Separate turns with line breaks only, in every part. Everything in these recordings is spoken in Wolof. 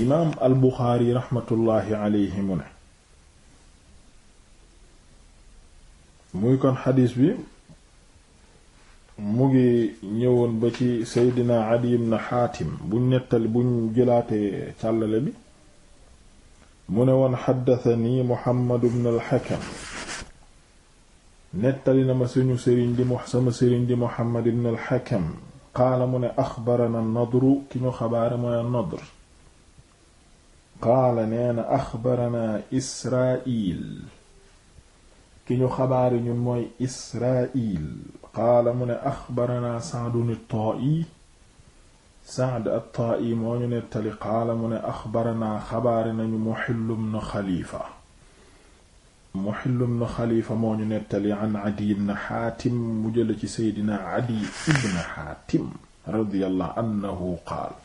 imaam al buxaari raxmatullaahi aleyhi mu ne muy kon xadiis bi mu ngi ñëwoon ba ci seydina adi ibn xaatim buñ nettali buñ jëlaatee càllale bi mu ne woon xaddatani muhammad ibn al na ma suñu sëriñ di sama sëriñ di muhammad ibn al xakam qaala mu ne axbarana nadru ki ñu xabaare mooy nadr qaala nee na axbarana israil ki ñu xabaari ñun mooy israil qaala mu ne axbarana saadun at-ta'i saad at-ta'i moo ñu nettali qaala mu ne axbarana xabaari nañu muxillu ibn xalifa muxillu ibn xalifa moo ñu nettali an adi ibn xaatim mu jële ci seydina adi ibn xaatim radiyallahu anhu qaala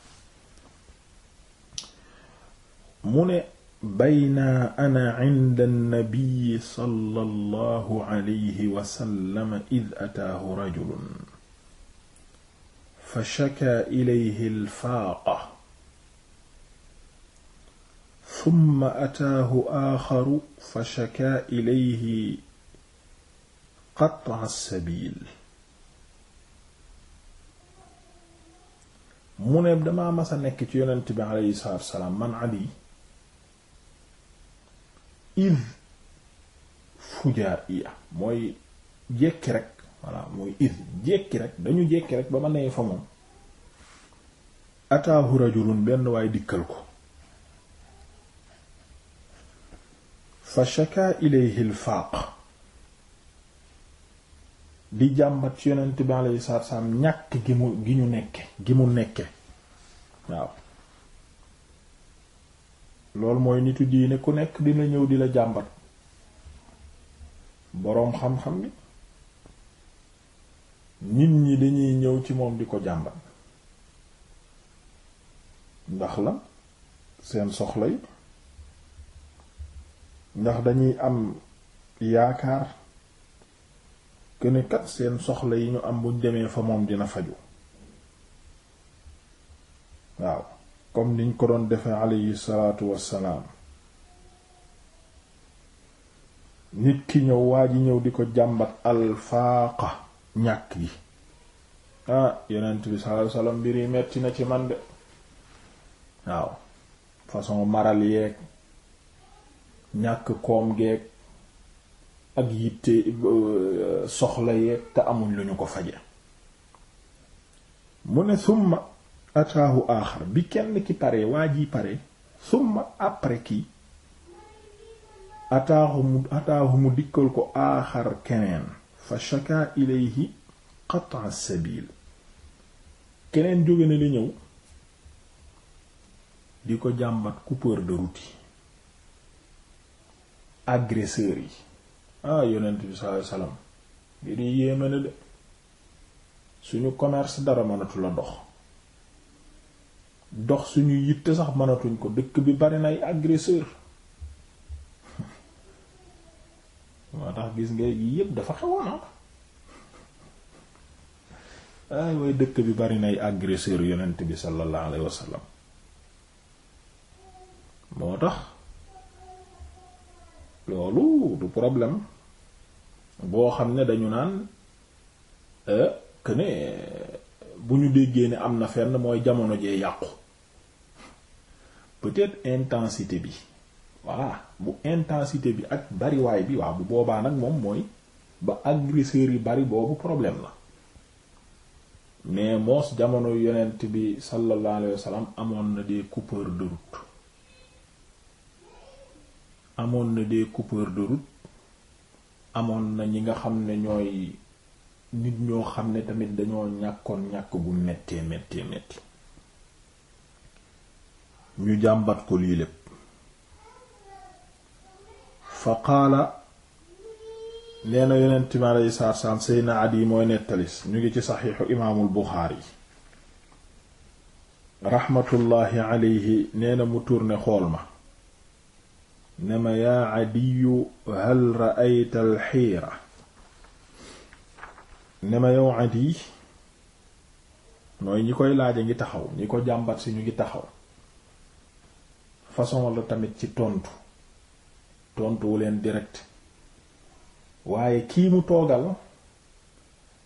mu ne bayna ana inda nabiyi sallallahu alayhi wa sallam id ataahu rajulun fa shakaa ilayhi alfaaqa summa ataahu aaxaru fa shakaa ilayhi qat'a as-sabiil mu ne damaa mas a nekk ci yonent bi alayhi salaatu wa salaam man Adiy id fujaiya mooy jekki rek voilà mooy id jekki rek dañu jekki rek ba ma nee fa moom ataahu rajulun benn waay dikkal ko fa shaka ilayhi al faaq di jàmbat yonent bi alayhi salaatu salaam ñàkk gi mu gi ñu nekke gi mu nekke waaw loolu mooy nitu diine ku nekk dina ñëw di la jàmbat boroom xam-xam bi nit ñi dañuy ñëw ci moom di ko jàmbat ndax la seen soxla yi ndax dañuy am yaakaar këne kat seen soxla yi ñu am buñ demee fa moom dina faju waaw comme niñ ko doon defee aleyhi salaatu wassalaam nit ki ñëw waa ji ñëw di ko jàmbat alfaaqa ñàkk gi ah yonent bi salaatu salaam mbir yi metti na ci man de waaw façon maral yeeg ñàkk koom geeg ak yitte soxla yeeg te amuñ lu ñu ko faje mu ne summa ataahu aaxar bi kenn ki pare waa ji pare summa après ki ataahu mu ataahu dikkal ko aaxar keneen fa shaka ilayhi qat'a sabil keneen jóge na li ñëw di ko jàmbat coupeur de route agresseur yi ah yonent bi sallallahu alayhi wasallam ngir yéeme na de suñu commerce dara mënatu la dox dox suñu yitte sax mënatuñ ko dëkk bi bari nay agresseur moo tax gis nga yi yépp dafa xewoon ah. ay way dëkk bi bari nay agresseur yonent bi sallallahu alayhi wasallam moo tax loolu du problème boo xam ne dañu naan euh, que bu ñu déggee ne am na fenn mooy jamono jee yàqu peut-être intensité bi waa bu intensité bi ak bariwaay bi waaw bu boobaa nag moom mooy ba agresseurs yu bari boobu problème la mais moos jamono yonent bi sallallahu alayhi amoon na des coupeurs de route amoon na des coupeurs de amoon na ñi nga xam ne ñooy nit ñoo xam ne tamit dañoo ñàkkoon ñàkk bu méttee méttee métti ñu jàmbat ko lii lépp fa qaala nee na yonent mi aleyhi salaatu salaam Seydina Adi mooy nettalis ñu ngi ci saxiixu imaamul Buxaari raxmatullaahi aleyhi nee na mu turne xool ma ne ma yaa Adiyu hal ra'ayta alxiira ne ma yow Adi mooy ñi koy laaj laaja ngi taxaw ñi ko jàmbat si ñu ngi taxaw façon la tamit ci tontu tontuwu leen direct waaye kii mu toogal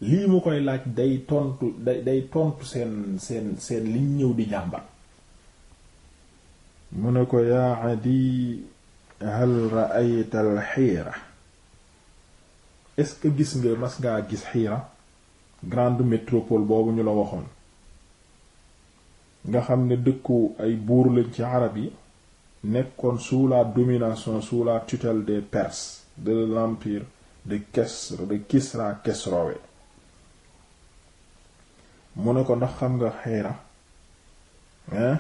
lii mu koy laaj day tontu day day tontu seen seen seen liñ ñëw di jàmbat mu ne ko yaa di hal ra'ayta al xiira est-ce que gis nga mas ngaa gis xiira grande métropole boobu ñu la waxoon nga xam ne dëkku ay buur lañ ci arab yi nekkoon sous la domination sous la tutelle des Perses de l'empire de Kesr de Kisra Kesrowe mu ne ko ndax xam nga Hira hein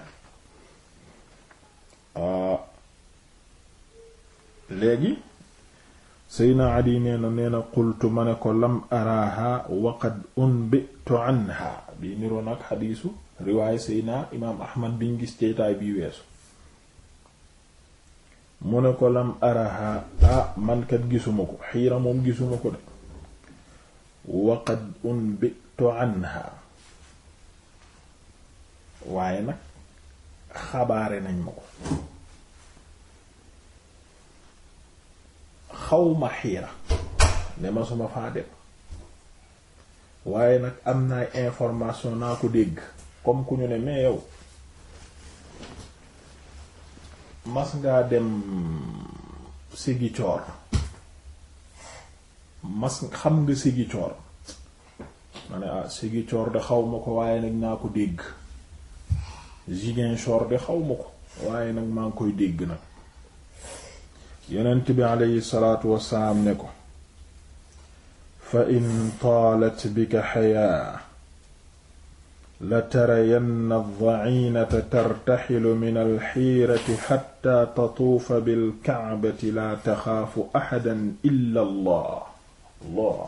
ah. léegi Seydina Adi nee na nee na qultu ma ne ko lam araha wa qad unbitu anha bi niroo nag xadiisu riwaay Seydina imaam Ahmad biñ gis ceytaay bi weesu mu ne ko lam araha ah mankat gisuma ko xiira moom gisuma ko de waqad unbitu anha waaye nag xabaare nañ ma ko xawma xiira ne ma suma faa dem waaye nag am naay information naa ko dégg comme ku ñu ne mais yow mas ngaa dem sigi mas xam nga sigi ma ne ah de xaw ma ko waaye nag naa ko dégg Ziguinchor de xaw ma ko waaye nag maa ngi koy dégg nag yonent bi aleyhi salaatu wassalaam ne ko fa in taalat bika hayaa la tarayanna addaciinata tartaxilu min alxiirati xatta tatuufa bilkacbati laa taxaafu axadan illa allah allah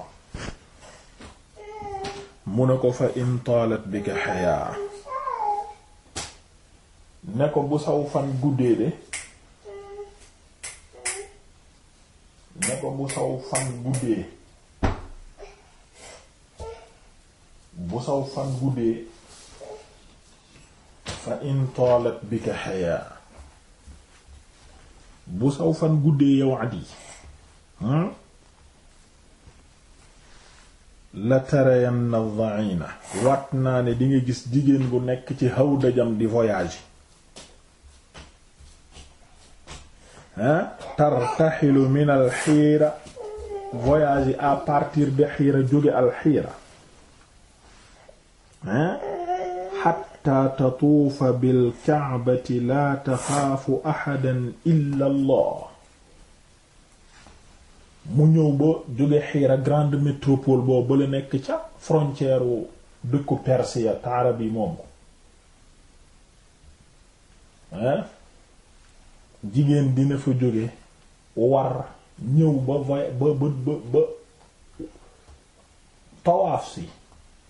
mu ne ko fa in taalat bika xayaa fa in taalat bika xayaa bu saw fan guddee yow Adi hmm? la tarayanna dhaina waat naa ne di gis jigéen bu nekk ci haw dajam di voyage hein tartaxilu min alxiira voyage à partir de xiira jóge alxiira hein xatta tatuufa bilkaabati laa taxaafu axadan illa allah mu ñëw ba jóge xiira grande métropole boo bala nekk ca frontière wu dëkku perse ya taarab moom ko jigéen dina fa jóge war ñëw ba ba ba ba tawaaf si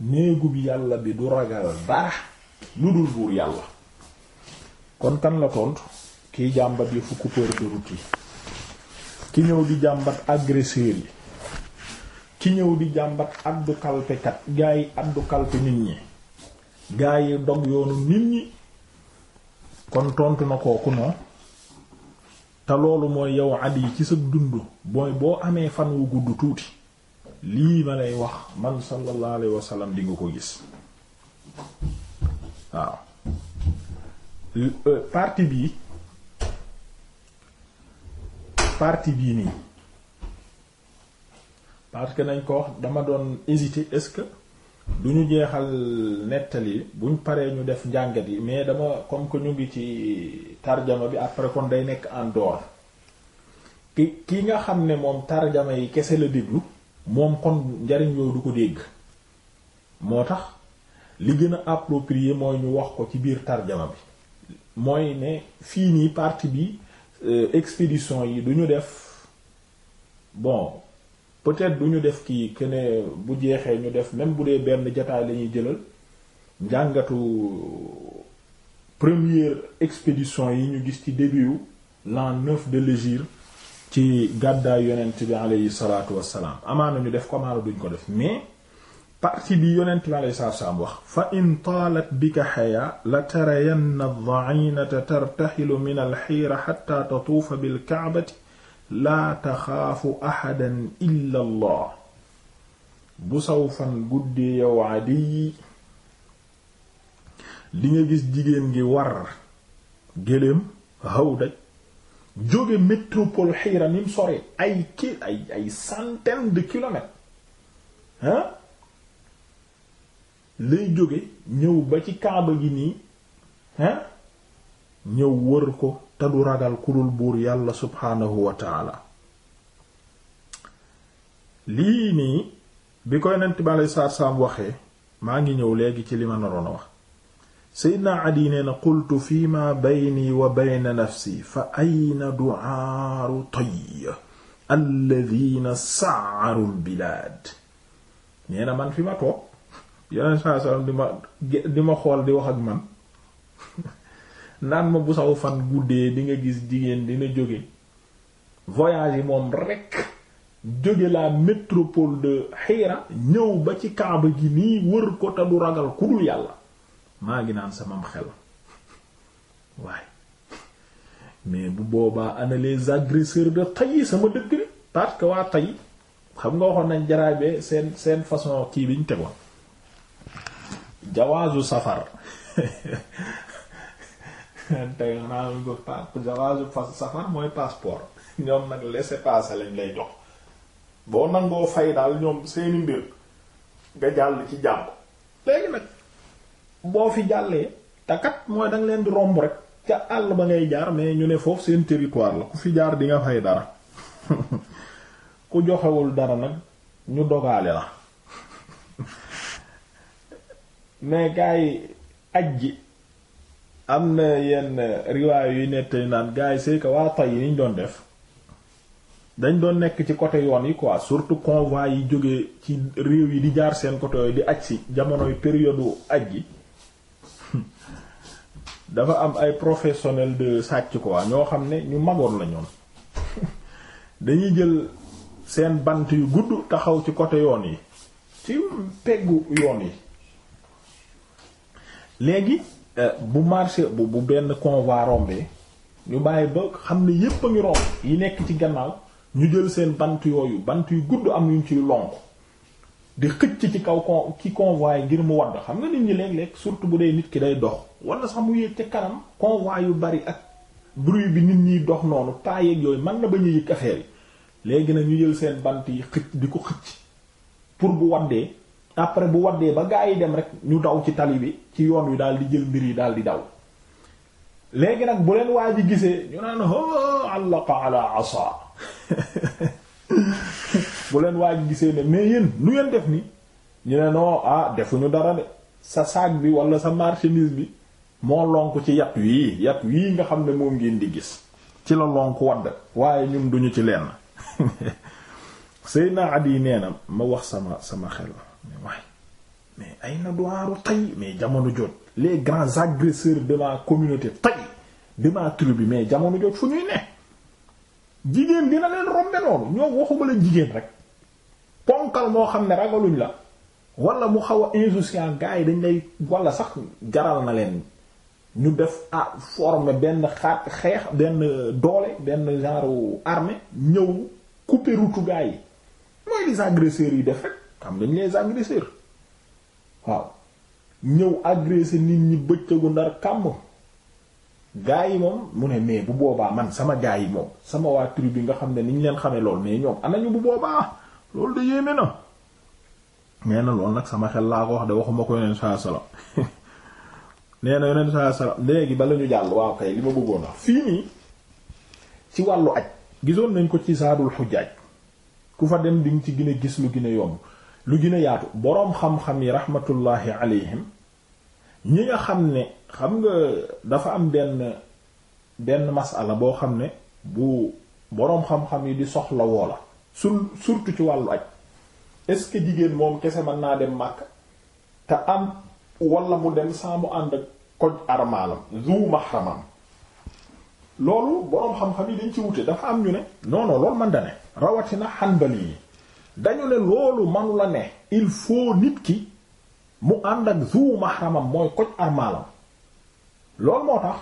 néegub yàlla bi du ragal dara lu dul buur yàlla kon kan la tontu kiy jàmbat yëfu coupeur de route yi ki ñëw di jàmbat agresseur yi ki ñëw di jàmbat addu kalpekat gaa yi addu kalpe nit ñi gaa yi dog yoonu nit ñi kon tontu na kooku noonu te loolu mooy yow at yi ci sa dund booy boo amee fan wu gudd tuuti lii ma lay wax man sallallahu alayhi wa sallam ko gis waaw euh, partie bii partie bii nii parce que nañ ko dama doon hésiter est-ce que du ñu jeexal nettali buñ paree ñu def njàngat yi mais dama comme que ñu ngi ci tarjama bi après kon day nekk en dehors ki ki nga xam ne moom tarjama yi kese la déglu moom kon njariñ yooyu du ko dégg moo tax li gën a approprié mooy ñu wax ko ci biir tarjama bi mooy ne fii nii partie bi euh, expédition yi du ñu def bon peut-être du ñu def kii que bu jeexee ñu def même bu dee benn jataay lañuy jëlal njàngatu première expédition yi ñu gis ci début l'an neuf de l'hégire ci gàddaay yonent bi aleyhi salaatu wassalaam amaana ñu def ko duñ ko def mais partie bi yonent bi alei saatu salaam wax fa in bika xayaa la tarayanna dacinata tartaxilu min alxiira xata tatuufa bilkaabati laa taxaafu axadan illa allah bu saw fan guddee yow li nga gis jigéen gi war géléem hawdaj jóge métropole xiira nim sore ay ki ay lay jóge ñëw ba ci kaaba gi nii ñëw wër ko te du ragal ku buur yàlla subhaanahu wa taala lii nii bi koy nent bi alei saatu waxee maa ngi ñëw léegi ci li ma naroon a wax seydna adi nee na qultu fi ma wa bayna nafsi fa ayna du'aaru toy alladina sa'aru albilaad nee man fi ma toog yeneen saa salaam di ma di ma xool di wax ak man naan ma bu saw fan guddee di nga gis jigéen dina jóge voyage yi moom rekk jóge la métropole de Hira ñëw ba ci Kaaba gi nii wër ko te du ragal ku dul yàlla maa ngi naan sama xel waaye mais bu boobaa ana les agresseurs de Tay sama dëkk bi parce que waa Tay xam nga waxoon nañ jaraabee seen seen façon kii biñ tegoon jawaazu safar tey xanaa mooy passeport ñoom nag laissez-passer lañ lay jox boo nangoo fay daal ñoom seeni mbir nga jàll ci jàmm léegi nag boo fi jàllee takat mooy danga leen di romb rek ca àll ba ngay jaar mais ñu ne foofu seen territoire la ku fi jaar di nga fay dara ku joxewul dara nag ñu dogale la mais gars yi aj ji am na yenn riwaay yu nettali naan gars yi c'est que waa tay yi niñ doon def dañ doon nekk ci côté yoon yi quoi surtout convoi yi jógee ci réew yi di jaar seen côté yooyu di aj si jamonoy période aj ji dafa am ay professionnel de sàcc quoi ñoo xam ne ñu magoon la dañuy jël seen bant yu gudd taxaw ci côté yoon yi ci peggu yoon yi léegi euh, bu marché bu bu benn convoi rombee ñu bàyyi ba xam ne yépp a ngi romb yi nekk ci gannaaw ñu jël seen bant yooyu bant yu gudd am yuñ ciy lonk di xëcc ci kaw con ci convoi ngir mu wadd xam nga nit ñi léeg lekk surtout bu dee nit ki day dox wala sax mu yéeg kanam convoi yu bari ak bruit bi nit ñiy dox noonu taayeeg yooyu man na ba ñu yëg yi léegi nag ñu jël seen bant yi xëcc di ko xëcc pour bu waddee après bu waddee ba gaa yi dem rek ñu daw ci tali bi ci yoon wi daal di jël mbir yi daal di daw léegi nag bu leen waa ji gisee ñu naan ho allaqa ala asa bu leen waa gisee ne mais yéen nu ngeen def ni ñu ne noo ah defuñu dara de sa saak bi walla sa marchandise bi moo lonk ci yat wii yat wii nga xam ne moom ngeen di gis ci la lonk wadd waaye ñun duñu ci lenn Seydina Adi nee na ma wax sama sama xel waaye mais ay na duwaaru tay mais jamono jot les grands agresseurs de ma communauté tay de ma tribu mais jamono jot fu ñuy ne jigéen dina leen rombe noonu ñoo waxuma la jigéen rek ponkal moo xam ne ragaluñ la wala mu xaw a insouciant gars yi dañ lay wala sax jaral na leen ñu def ah forme benn xaat xeex benn doole benn genre armée ñëw couper route gars yi mooy les agresseurs yi def xam dañ les agresseurs waaw ñëw agressé nit ñi bëccëgu ndar kàmm gaa yi moom mu ne mais bu boobaa man sama gaa yi moom sama waa tribu bi nga xam ne ni ñu leen xame lool mais ñoom anañu bu boobaa loolu de yéeme na nee na loolu nag sama xel laa ko wax de waxuma ko yoneen saa salaam nee na yoneen saa salaam léegi ba la ñu jàll waaw kay li ma bëggoon wax fii nii ci wàllu aj gisoon nañ ko ci saadul xujjaaj ku fa dem di ci gën a gis lu gën yomb lu gën a yaatu boroom xam-xam yi rahmatullahi alayhim ñi nga xam ne xam nga dafa am benn benn masala boo xam ne bu boroom xam-xam yi di soxla woola sur surtout ci wàllu aj est-ce que jigéen moom kese mën naa dem màkk te am wala mu dem saa mu ànd ak koj armaalam zu mahramam loolu boroom xam-xam yi dañ ci wute dafa am ñu ne non loolu man rawatina xanbali yi dañu ne loolu manu la ne il faut nit ki mu ànd ak zu mahramam mooy koj armaalam loolu moo tax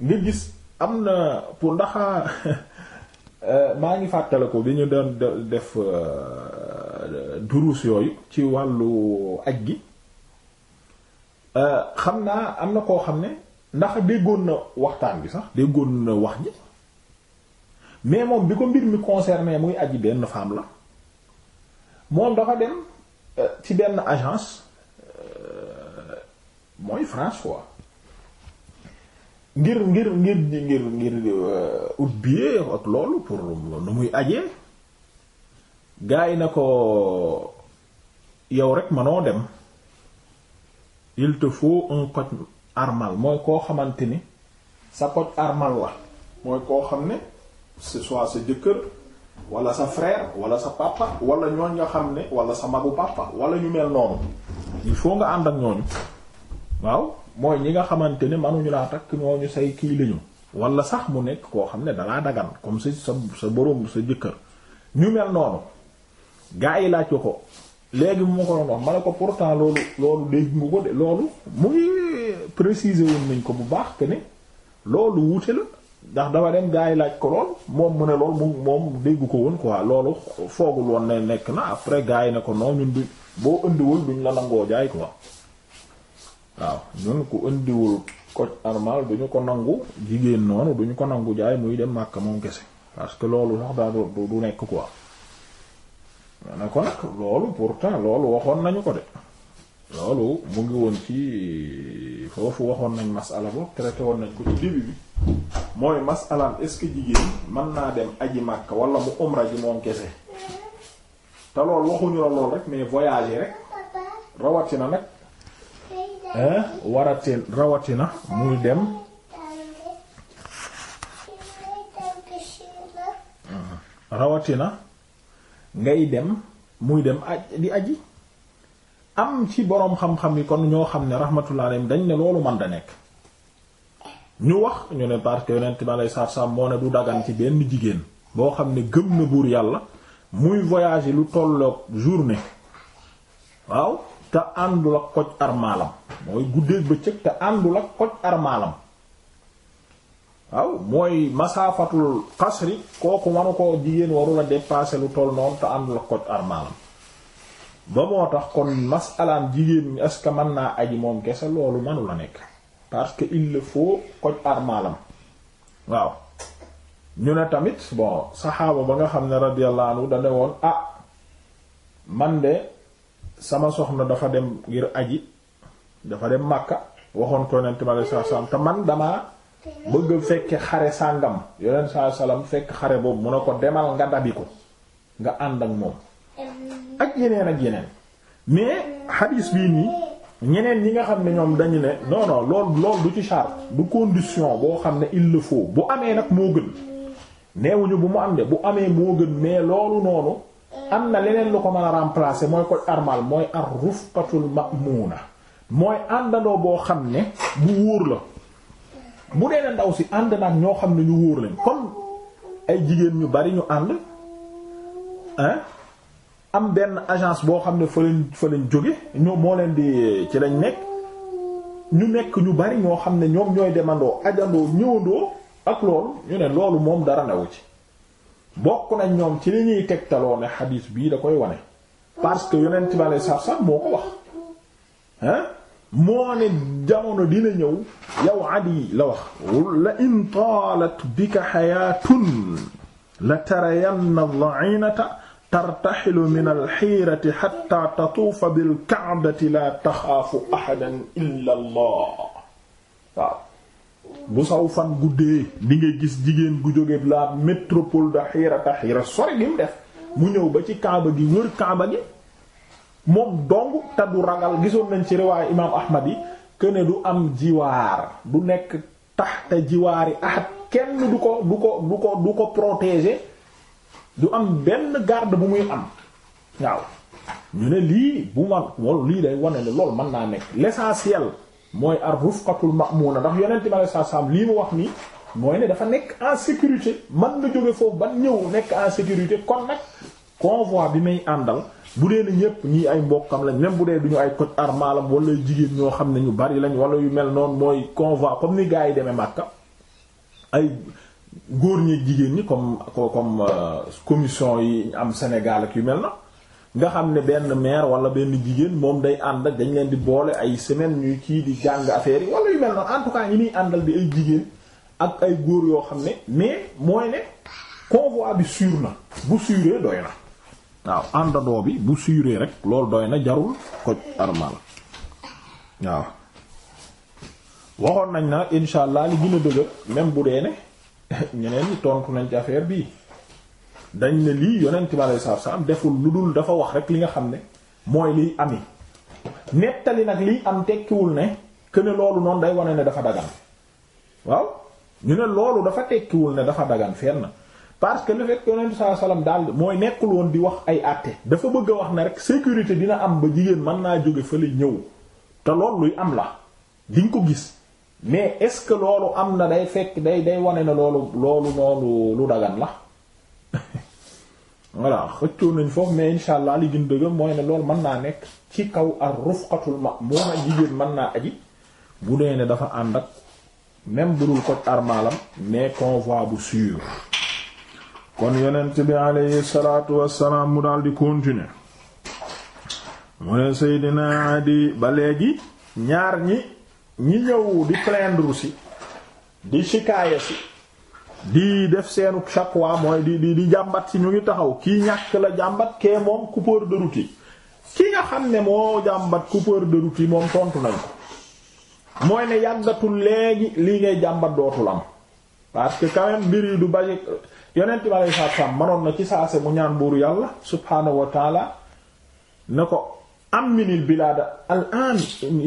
nga gis am na pour ndax euh, maa ngi fàttale ko bi ñu doon def euh, duruus yooyu ci wàllu aj gi euh, xam naa am na koo xam ne ndax déggoon na waxtaan bi sax déggoon na wax ji mais moom bi ko mbir mi concerné muy aji benn femme la moom dafa dem euh, ci benn agence euh, mooy France ngir ngir ngir ngir ngir ngir euh, ut billet ak loolu pour nu muy ajee gars yi na ko yow rek manoo dem il te faut un coach armal mooy koo xamante ni sa coach armal la mooy koo xam ne c'est soit sa jëkkër wala sa frère wala sa papa wala ñooñ nga xam ne wala sa magu pàppa wala ñu mel noonu il faut nga ànd ak ñooñu waaw mooy ñi nga xamante ne mënuñu laa takk ñu say kii lañu wala sax mu nekk koo xam ne dalaa dagan comme sa sa sa boroom sa jëkkër ñu mel noonu gaa yi laaj ko ko léegi mu ma ko doon wax ma ko pourtant loolu loolu dégg nga ko de loolu mu ngi préciser woon nañ ko bu baax que ne loolu wuute la. ndax dafa dem gaa yi laaj ko lool moom mu ne lool mu moom déggu ko woon quoi loolu foogul woon ne nekk na après gaa yi ne ko non ñun du boo indiwul duñ la nangoo jaay quoi waaw ñun ku indiwul ko normal duñu ko nangu jigéen noonu duñu ko nangu jaay muy dem Makka moom kese parce que loolu sax daa du du nekk quoi ma ne ko nag loolu pourtant loolu waxoon nañu ko de loolu mu ngi woon ci foofu waxoon nañ masala bo traité woon nañ ko ci début bi mooy masalaan est-ce que jigéen mën naa dem aji Makka wala mu umra ji moom kese te loolu waxuñu la lool rek mais voyage yi rawatina nag waratin rawatina muy dem rawatina ngay dem muy dem aj di aji am ci borom xam-xam yi kon ñoo xam ne rahmatullah alayhim dañ ne loolu man da nekk ñu wax ñu ne parce que yonent ma lay sarsam moo ne du dagan ci benn jigéen boo xam ne gëm na buur yàlla muy voyager lu tolloog journée waaw te àndul ak koj armaalam mooy guddee bëccëg te àndul ak koj armaalam waaw mooy masaafatul xasri kooku manu ko jigéen warula dépasser lu toll noonu te àndul ak koj armaalam ba moo tax kon masalaam jigéen mi est-ce que mën naa aji moom kese loolu manu la nekk parce que il le faut koj armalam waaw ñu ne tamit bon saxaaba ba nga xam ne radiyallahu anhu woon ah man de sama soxna dafa dem ngir aji dafa dem Makka waxoon ko yonent mi alayhi te man dama bëgg fekke xare sàngam yonent salaatu salaam fekk xare boobu mu ne ko demal nga dabi ko nga ànd ak moom ak yeneen ak yeneen mais hadis bii nii ñeneen ñi nga xam ne ñoom dañu ne non lool lool du ci charte du condition boo xam ne il la faut bu amee nag moo gën neewuñu bu mu am bu amee moo gën mais loolu noonu am na leneen lu ko mën a remplacer mooy ko armal mooy ar rufqatul ma'muna mooy àndandoo boo xam ne bu wóor la bu dee ndaw si ànd nag ñoo xam ne ñu wóor lañ comme ay jigéen ñu bari ñu ànd hein am benn agence boo xam ne fa lañ jóge ñoom moo leen di ci lañ nekk ñu nekk ñu bari ñoo xam ne ñoom ñooy demandoo ajandoo ñëwandoo ak loolu ñu ne loolu moom dara newu ci bokk nañ ñoom ci lañuy tegtaloo ne xadiis bii da koy wane parce que yonent bale sarsar moo ko wax hein moo ne jamono dina ñëw yow adi la wax la in taalat bika xayaatun la tarayanna dhainata tartaxilu min alxiirati xatta tatuufa bilkaabati laa taxaafu ahadan illa allah bu saw fan guddee di gis jigéen gu jóge la métropole de xiirata xiira sori gi mu def mu ñëw ba ci kaaba gi wër kaaba gi moom dong te du ragal gisoon nañ ci riwaayu imaam ahmad yi këne du am jiwaar du nekk taxta jiwaari ahad kenn du ko du ko du ko du du am benn garde bu muy am waaw ñu ne lii bu ma wol lii day wane ne loolu mën naa nekk l'essentiel mooy ar rufqatul ma'muna ndax yonente ma saa saam lii mu wax nii mooy ne dafa nekk en sécurité man nga jóge foofu ban ñëw nekk en sécurité kon nag convoi bi may àndal bu dee ne ñépp ñii ay mbokkam lañ même bu dee duñu ay code armalam wala jigéen ñoo xam ne ñu bari lañ wala yu mel noonu mooy convoi comme ni gars yi demee Makka ay góor ñi jigéen ñi comme comme euh, commission yi am Sénégal ak yu mel na nga xam ne benn maire wala benn jigéen moom day ànd dañ leen di boole ay semaine ñuy kii di jàng affaire yi wala yu mel noonu en tout cas àndal bi ay jigéen ak ay góor yoo xam ne mais mooy ne convoi bi sûr na bu suuree doy na waaw àndandoo bi bu suuree rek loolu doy na jarul ko armal waaw waxoon nañ na insha allah li gën a dëgër même bu dee ne ñeneen ñi tontu nañ ci bii dañ ne lii yonent bi aleyhi salaatu salaam deful lu dul dafa wax rek li nga xam ne mooy liy ami nettali nag liy am tekkiwul ne que ne loolu noon day wane ne dafa dagan waaw ñu ne loolu dafa tekkiwul ne dafa dagan na parce que le fait que yonent bi sallallahu alayhi daal mooy nekkul woon di wax ay àtte dafa bëgg a wax ne rek sécurité dina am ba jigéen mën naa jóge fële ñëw te loolu luy am la di nga ko gis. mais est-ce que loolu am na day fekk day day wane na loolu loolu noonu lu dagan la voilà xëccoo nañ foofu mais insha allah li gën dëgg mooy ne loolu mën naa nekk ci kaw ar rufqatul ma moo na jigéen mën naa aji bu dee ne dafa ànd ak même budul ko armalam mais convoi bu sûr kon yonent bi alayhi salatu wassalaam mu daal di continuer mu ne Seydina Adi ba léegi ñaar ñi ñi ñëw di plaindre si di shikaaya si di def seenu shakwa mooy di di di jàmbat si ñu ngi taxaw kii ñàkk la jàmbat kee moom coupeur de route yi ki nga xam ne moo jàmbat coupeur de route yi moom tontu nañ ko mooy ne yàggatul léegi lii ngay jàmbat dootul am parce que quand mbir yi du bañ yonent bi alayhi salaam manoon na ci saase mu ñaan buuru yàlla subhaanahu wa taala ne ko ammin al bilaada al aan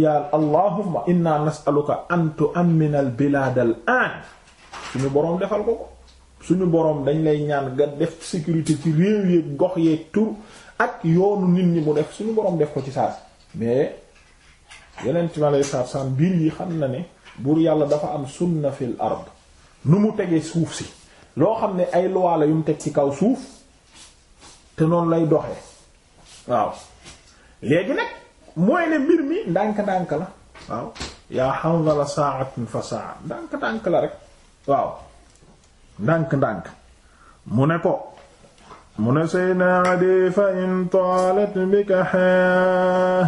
yaa allahumma inna nas'aluka an tu'ammin al bilaada al aan suñu boroom defal ko ko suñu boroom dañ lay ñaan nga def sécurité ci réew yeeg gox yeeg tur ak yoonu nit ñi mu def suñu boroom def ko ci saas mais yeneen ci ma lay saam mbir yi xam na ne buur yàlla dafa am sunna fil ard nu mu tegee suuf si loo xam ne ay loi la yu mu teg ci kaw suuf te noonu lay doxee waaw léegi nag mooy ne mbir mi ndànk la waaw yaa Hanzala sa'atun fa sa'a ndànk-ndànk la rek waaw ndànk-ndànk mu ne ko mu ne sayna adi fa in taalat bika hayaa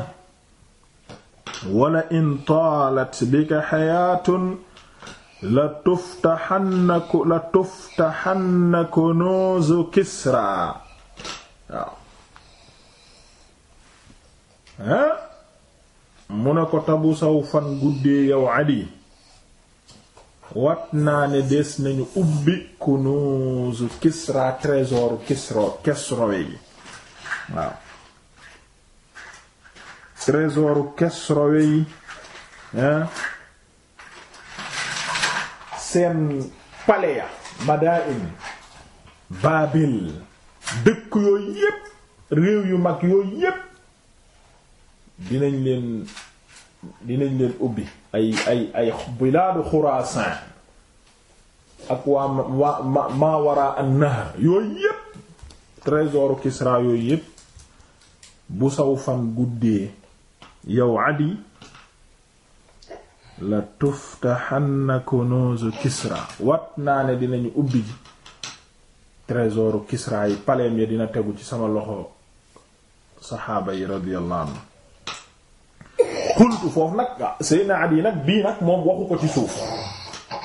wala in taalat bika hayaatun la tuftahanna la Kisra ah mu ne ko tabu saw fan guddee yow adi wat naa ne des nañu ubbi kunuuzu kisra trésoru kisro kesrowe yi yi seen palais ya madain babil dëkk yooyu yépp réew yu mag yooyu yépp dinañ leen dinañ leen ubbi ay ay ay bilaadu xuraasaan ak waa ma ma ma wara an-nahr yooyu yépp trésoru Kisra yooyu yépp bu saw fan guddee yow Adi la tuftahanna kunuuzu Kisra wat naa ne dinañu ubbi ji trésoru Kisra yi paleem ya dina tegu ci sama loxo saxaaba yi radiyallahu anhu xultu foofu nag Seydina Adi nag bii nag moom waxu ko ci suuf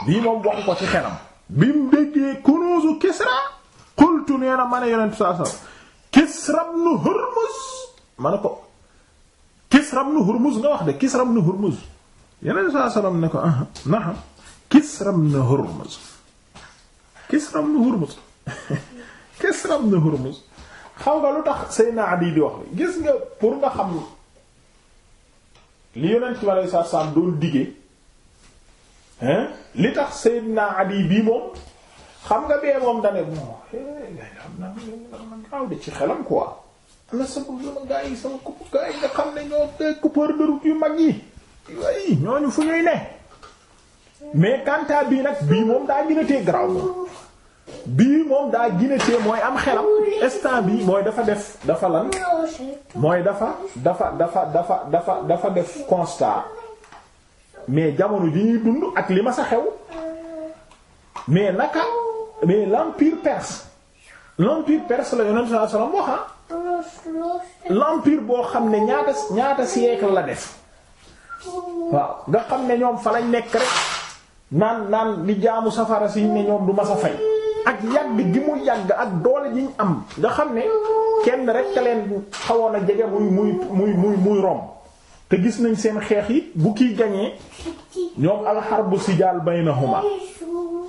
bii moom waxu ko ci xelam bi mu déggee kunuuzu Kisra xultu nee na ma ne yonent saa saa Kisra ibn Hurmuz ma ne ko Kisra ibn Hurmuz nga wax de Kisra ibn Hurmuz yonent saa saa ne ko ah naxam Kisra ibn Hurmuz Kisra ibn Hurmuz Kisra ibn Hurmuz xam nga lu tax Seydina Adi di wax gis nga pour nga xam. li yonent bi aleyhi salaatu salaam doon diggee li tax Seydina Adi bii moom xam nga bee moom dane bon eh, gaaw de ci xelam quoi am na sama sama gaa yi sama coup gaa yi nga xam ne ñoo teg coupeur de yu mag yi ñooñu fu ñuy ne mais kanta bii nag bii moom daa gën a moom bii moom daa ginatee mooy am xelam instant bi mooy dafa def dafa lan mooy dafa dafa dafa dafa dafa dafa def constat mais jamono ji ñuy dund ak li ma sa xew mais naka mais l'empire perse l'empire perse la yonent sallallahu alayhi ah. boo xam ne ñaata ñaata siècle la def waaw nga xam ne ñoom fa lañ nekk rek naan naan di jaamu safara si ne ñoom du ma sa fay ak yàgg gi mu yàgg ak doole ji ñu am nga xam ne kenn rek ka leen xawoon a jege muy muy muy muy muy rom te gis nañ seen xeex yi bu kiy gañee ñoom alxarbu sijaal baynahuma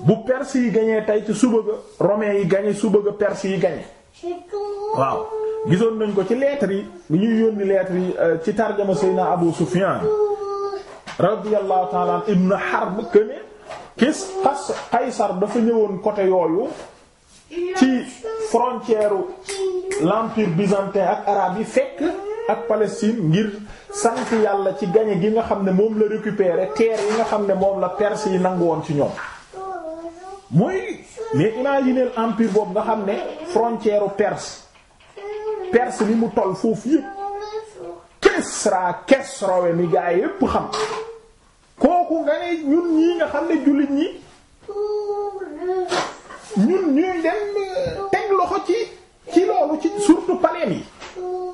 bu perse yi gañee tey ci suba ga romain yi gañe suba ga perse yi gañe waaw gisoon nañ ko ci lettre yi bi ñuy yónni lettre yi euh, ci tarjama seyna Abu Sufyan radiyallahu ta'ala ibn Harb këne kis xas Qaysar dafa ñëwoon côté yooyu ci frontière l'empire byzantin ak arabe yi fekk ak Palestine ngir sant yàlla ci gañe gi nga xam ne moom la récupérer terre yi nga xam ne moom la Perse yi nangu woon ci ñoom mooy mais imaginez l'empire boobu nga xam ne frontière Perse Perse li mu toll foofu yëpp Kisra Kisrawe mi gaa yëpp xam kooku nga ne ñun ñii nga xam ne jullit ñi ñun ñuy dem teg loxo ci ci loolu ci surtout paleem yi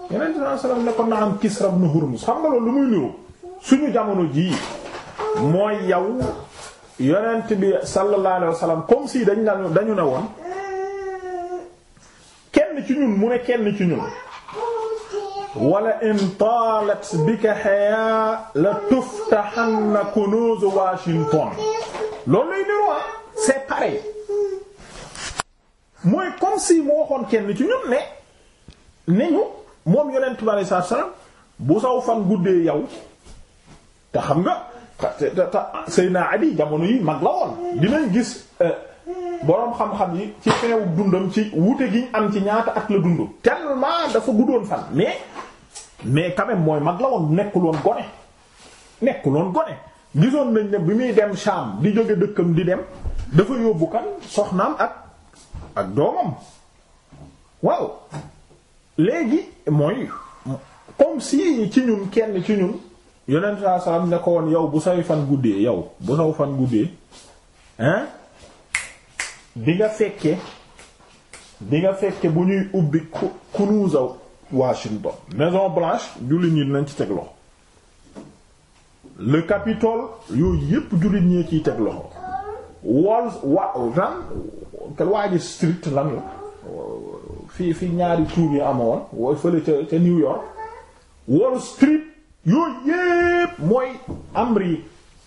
yeneen sallallahu alayhi wasallam ne ko na am Kisra ibn Hurmuz xam nga loolu lu muy niru suñu jamono jii mooy yow yonent bi sallallahu alayhi wasallam comme si dañ dañu ne woon kenn ci ñun mu ne kenn ci ñun walla in taalat bika hayaa la tuftahanna kunuz Washington loolu lay niroa ah. c'est pareil mooy comme si mu waxoon kenn ci ñun ne ne ñu moom yonent bi alei salaatu salaam bu saw fan guddee yow te xam nga te Seydina Adi jamono yi mag la woon dinañ gis euh, boroom xam-xam yi ci feewu dundam ci wute gi ñu am ci ñaata at la dund tellement dafa guddoon fan mais mais quand mooy mag la woon nekkul woon gone nekkul gone gisoon nañ ne bi muy dem Sham di jóge dëkkam di dem dafa yóbbu kan soxnaam ak ak doomam waaw léegi mooy comme si ci ñun kenn ci ñun yonent saa salaam ne ko woon yow bu say fan guddee yow bu saw fan guddee hein di nga fekke bi nga fekke bu ñuy ubbi kunuusaw Washington Maison Blanche jullit ñi dinañ ci teg loxo le Capitole yooyu yépp jullit ñee ciy teg loxo Wall wa lan waa ji street lan la fii fii ñaari tour yi amoon wooy fële ca ca New York Wall Street yooyu yépp mooy amri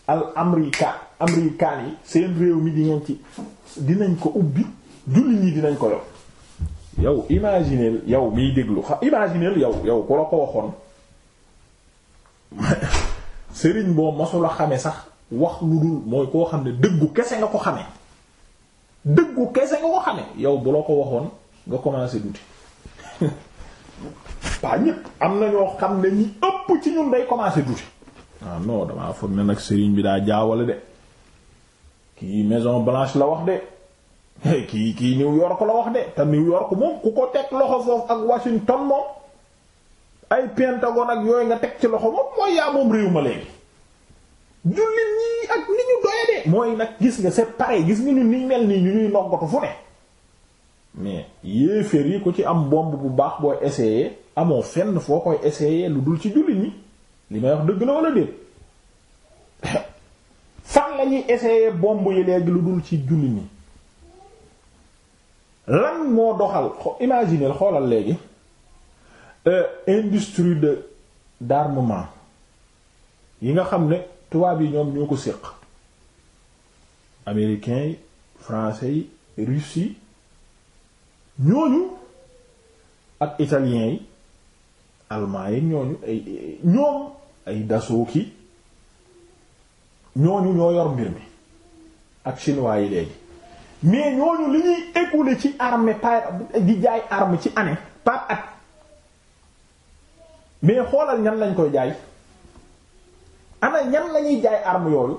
al amrika amrikaan yi seen réew mi dinañ ci ko ubbi jullit ñi dinañ ko yor yow imagineel yow miy déglu xa imagineel yow yow ku ko waxoon sëriñ boo masula xame sax wax lu dul mooy koo xam ne dëggu kese nga ko xame dëggu kese nga ko xame yow bu la ko waxoon nga commencé douter waa ñépp am na ñoo xam ne ñi ëpp ci ñun day commencé douter ah non damaa foog ne nag sëriñ bi daa jaawale de kii Maison Blanche la wax de kii kii New York la wax de te New York moom ku ko teg loxo foofu ak Washington moom ay Pentagone ak yooyu nga teg ci loxo moom mooy yaa moom réew ma léegi jullit ñi ak ni ñu doye mooy nag gis nga c'est pareil gis nga ñu ni mel nii ñu ñuy noggatu fu ne mais yéeféer yi ku ci am bomb bu baax booy essayer amoo fenn foo koy essayer lu dul ci jullit ñi li may wax dëgg la wala déet fan lañuy essayer bomb yi léegi lu dul ci jullit ñi lan moo doxal imaginez xoolal léegi euh, industrie de d'armement yi nga xam ne tubaab yi ñoom ñoo ko séq américains yi français yi russes yi ñooñu ak italiens yi allemands yi ñooñu ay ñoom ay Dassault ki ñooñu ñoo yor mbir mi ak chinois yi léegi mais ñooñu li ñuy écouler ci arme par di jaay arme ci année par at mais xoolal ñan lañ koy jaay ana ñan lañuy jaay arme yooyu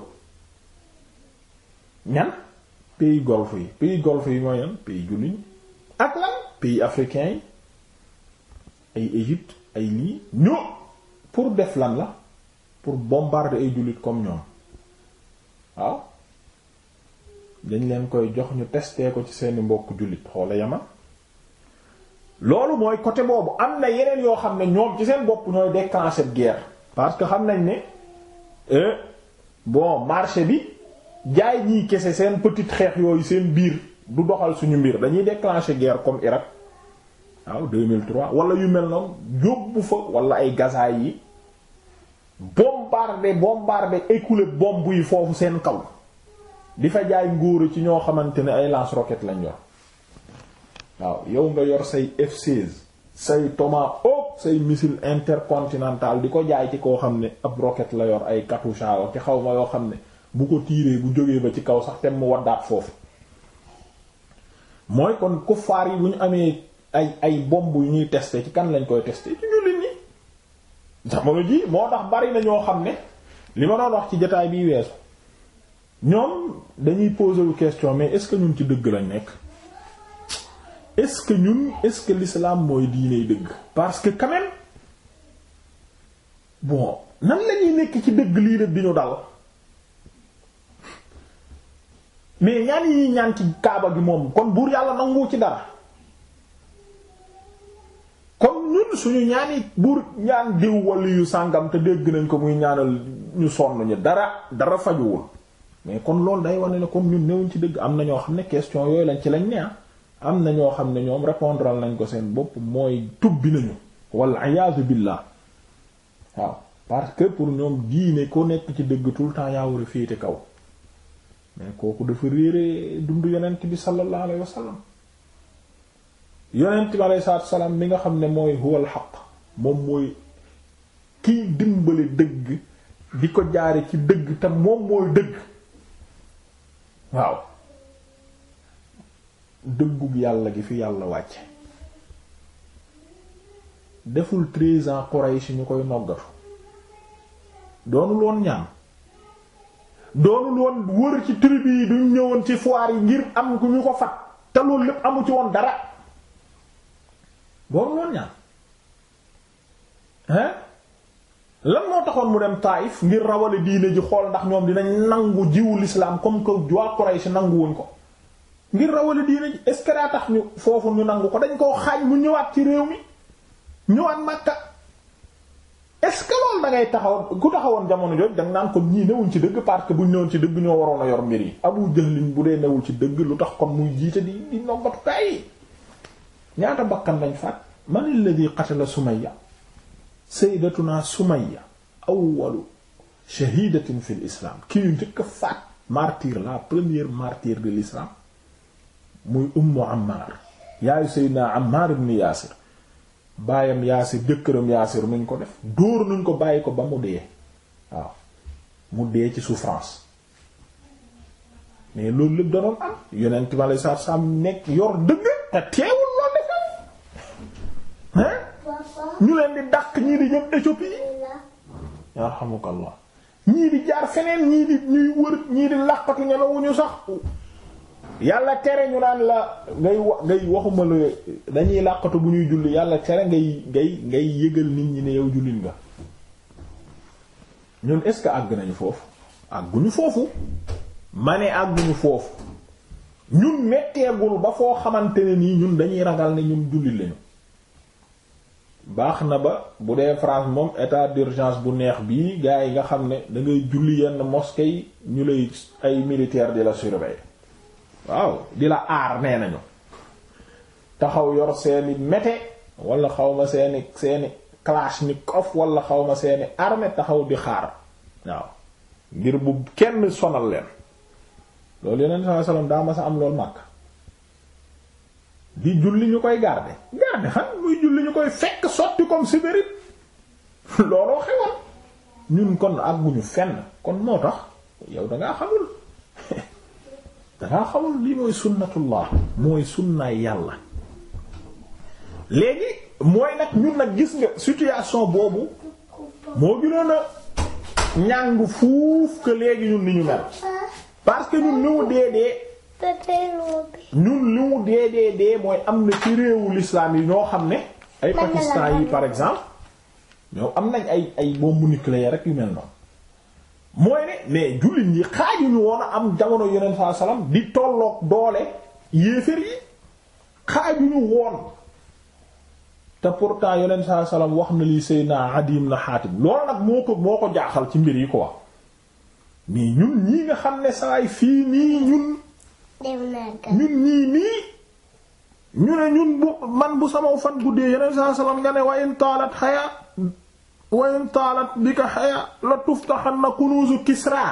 ñan pays golfe yi pays golfe yi mooy yan pays jullit ak lan pays africain yi ay Égypte ay lii ñu pour def lan la pour bombarder ay jullit comme ñoom waaw dañ leen koy jox ñu testee ko ci seeni mbokk jullit xoola Yaman loolu mooy côté boobu am na yeneen yoo xam ne ñoom ci seen bopp ñooy déclencher guerre parce que xam nañ ne euh, bon marché bi jaay ñiy kese seen petite xeex yooyu seen biir du doxal suñu mbir dañuy déclencher guerre comme Irak waaw 2003 wala yu mel noonu yóbbu fa wala ay gazaay yi bombarder bombarder écouler bombe yi foofu seen kaw di fa jaay ngóor ci ñoo xamante ne ay lance roquette lañ yor waaw yow nga yor say F-16 say Tomahawk oh, say missile intercontinental di ko jaay ci koo xam ne ab roquette la yor ay katu wa ci xaw ma yoo xam ne bu ko tiiree bu jógee ba ci kaw sax tem mu waddaat foofu mooy kon kuffaar yi bu ñu amee ay ay bomb yu ñuy teste ci kan lañ koy tester ci jullit ñi jamono ji moo tax bari na ñoo xam ne li ma doon wax ci jotaay bi weesu ñoom dañuy poser wu question mais est-ce que ñun ci dëgg lañ nekk est-ce que ñun est-ce que l'islam mooy diiney dëgg parce que quand bon nan lañuy nekk ci dëgg lii rek di ñu dal mais ñaan yi ñaan ci kaaba gi moom kon buur yàlla nangu ci dara kon ñun suñu ñaani buur ñaan diw walla yu sàngam te dégg nañ ko muy ñaanal ñu sonn ñu dara dara fajuwul mais kon loolu day wane ne comme ñun newuñ ci dëgg am na ñoo xam ne question yooyu lañ ci lañ ne ah. am na ñoo xam ne ñoom répondre nañ ko seen bopp mooy tubbi nañu walla ayaazu billah waaw parce que pour ñoom diine ko nekk ci dëgg tout le temps yaa war a féete kaw mais kooku dafa réere dundu yonent bi sallallahu alayhi wa sallam yonent bi alayhi salaatu salaam mi nga xam ne mooy huwal xaq moom mooy kiy dimbali dëgg di ko jaare ci dëgg te moom mooy dëgg waaw dëggug yàlla gi fi yàlla wàcce deful treize ans Quraysh ñu koy noggatu doonul woon ñaan doonul woon wër ci tribu yi duñ ñëwoon ci foir yi ngir am ku ñu ko fat te loolu lépp amu ci woon dara doonul woon ñaan hein lan moo taxoon mu dem Taïf ngir rawale diine ji xool ndax ñoom dinañ nangu jiwu l'islam comme que waa Quraysh nangu woon ko ngir rawale diine ji ce que daa tax ñu foofu ñu nangu ko dañ koo xaaj mu ñëwaat ci réew mi ñëwaat Makka est-ce que loolu ngay taxaw ku taxawoon jamono jooju da nga naan ñii newuñ ci dëgg parce que buñ ci dëgg ñoo waroon yor mbir yi. Abu Jahlin bu dee newul ci dëgg lu tax kon muy jiite di di nombatukaay ñaata bakkan dañ faat man alladhi qatala Sumayya sayyidatuna Sumayya awwalu shahidatin fil islam ki ñu njëkk faat martyr la première martyr de l'islam muy ummu Ammar yaayu sayyidina Ammar ibn Yaasir baayam Yaasir jëkkëram Yaasir nuñ ko def dóor nuñ ko bàyyi ko ba mu dee waaw mu dee ci souffrance mais loolu lépp danoon am yonent ma lay nekk yor dëgg te teewul loolu defam ñu leen di dàq ñii di jëm Éthiopie yarhamukallah ñii di jaar feneen ñii di ñuy wër ñii di làqatu wuñu sax yàlla tere ñu naan la ngay wa ngay waxuma la dañuy làqatu bu ñuy julli yàlla tere ngay ngay ngay yëgal nit ñi ne yow jullit nga ñun est-ce que àgg nañu foofu àgguñu foofu ma ne àgguñu foofu ñun metteegul ba foo xamante ne nii ñun dañuy ragal ne ñun jullit lañu baax na ba bu dee France moom état d'urgence bu neex bii gars yi nga xam ne da ngay julli yenn mosquée yi ñu lay ay militaire di la surveiller waaw di la aar nee nañu taxaw yor seeni mété wala xawma seeni seeni kalachnikov wala ma seeni armée taxaw di xaar waaw ngir bu kenn sonal leen loolu yeneen sa alayhi wasallam daa ma sa am loolu màkk di julli ñu koy garder garder xam muy julli ñu koy fekk sotti comme sibérit looloo xewoon ñun kon àgguñu fenn kon moo tax yow dangaa xamul dangaa xamul lii mooy sunnatullah mooy sunnaay yàlla léegi mooy nag ñun nag gis nga situation boobu moo gënoon a ñàng fuuf que léegi ñun ni ñu mel parce que ñun ni dee dee ñun li mu dee dee dee mooy am na ci réewu l'islam yi ñoo xam ne ay Pakistan yi par exemple ñoom am nañ ay ay bombe nucléaire rek yu mel noonu mooy ne mais jullit ñi xaajuñu woon a am jamono yeneen sa salaam di tolloog doole yéefér yi xaajuñu woon te pourtant yeneen sa salaam wax na li Seydina Adim na Xaatim loolu nag moo ko moo ko jaaxal ci mbir yi quoi mais ñun ñii nga xam ne saa yi fii nii ñun. ñun ñii nii ñu ñun bu man bu sama fan guddee yeneen saa salaam nga ne wa in taalat xayaa wa in taalat bi ka xayaa la tuftaxanna kunuuzu Kisra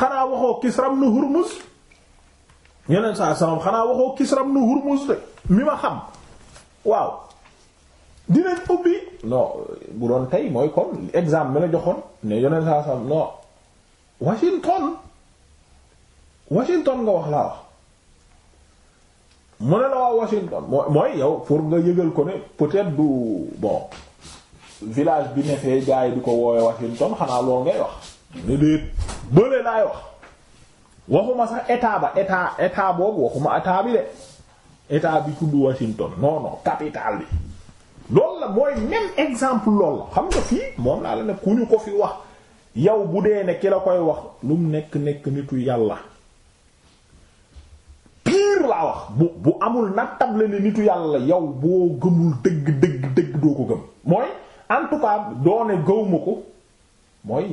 xanaa waxoo Kisra ibn Hurmuz yeneen saa salaam xanaa waxoo Kisra ibn Hurmuz de mi ma xam waaw dinañ ubbi non bu doon tey mooy comme exemple mi la joxoon ne yeneen saa salaam non Washington. Washington nga wax laa wax mu ne la waa Washington mooy yow pour nga yëgal ko ne pour être du bon village bi ne fee gars di ko woowe Washington xanaa loolu ngay wax ne déet bële laay wax waxuma sax état ba état état boobu waxuma état bi de état bi tudd Washington non non bi loolu la mooy même exemple loolu la xam nga fii moom laa la ne ku ñu ko fi wax yow bu dee ne ki la koy wax lu mu nekk nekk nitu yàlla pire laa wax bu bu amul nattable ne nitu yàlla yow boo gëmul dëgg dëgg dëgg doo ko gëm mooy en tout cas doone gëwuma ko mooy